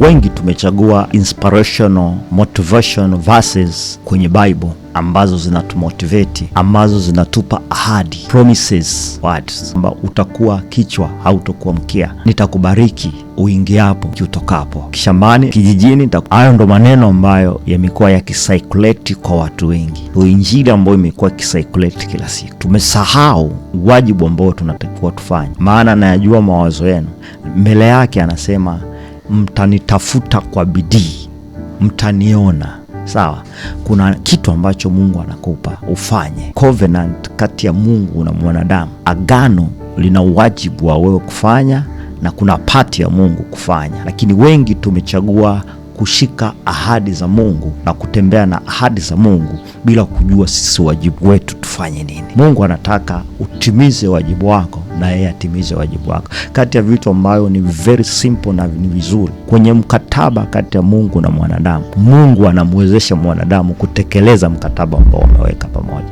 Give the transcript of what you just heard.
wengi tumechagua inspirational motivation verses kwenye Bible ambazo zinatumotivate, ambazo zinatupa ahadi, promises words, kwamba utakuwa kichwa, hautakuwa mkia, nitakubariki uingiapo, kiutokapo, kishambani, kijijini. Hayo ndo maneno ambayo yamekuwa yakisaikuleti kwa watu wengi, ndo injili ambayo imekuwa ikisaikuleti kila siku. Tumesahau wajibu ambao tunatakiwa tufanye, maana anayajua mawazo yenu. Mbele yake anasema mtanitafuta kwa bidii, mtaniona. Sawa, kuna kitu ambacho Mungu anakupa ufanye, covenant kati ya Mungu na mwanadamu. Agano lina uwajibu wa wewe kufanya na kuna pati ya Mungu kufanya, lakini wengi tumechagua kushika ahadi za Mungu na kutembea na ahadi za Mungu bila kujua sisi wajibu wetu tufanye nini. Mungu anataka utimize wajibu wako na yeye atimize wajibu wako. Kati ya vitu ambayo ni very simple na ni vizuri kwenye mkataba kati ya Mungu na mwanadamu, Mungu anamwezesha mwanadamu kutekeleza mkataba ambao wameweka pamoja.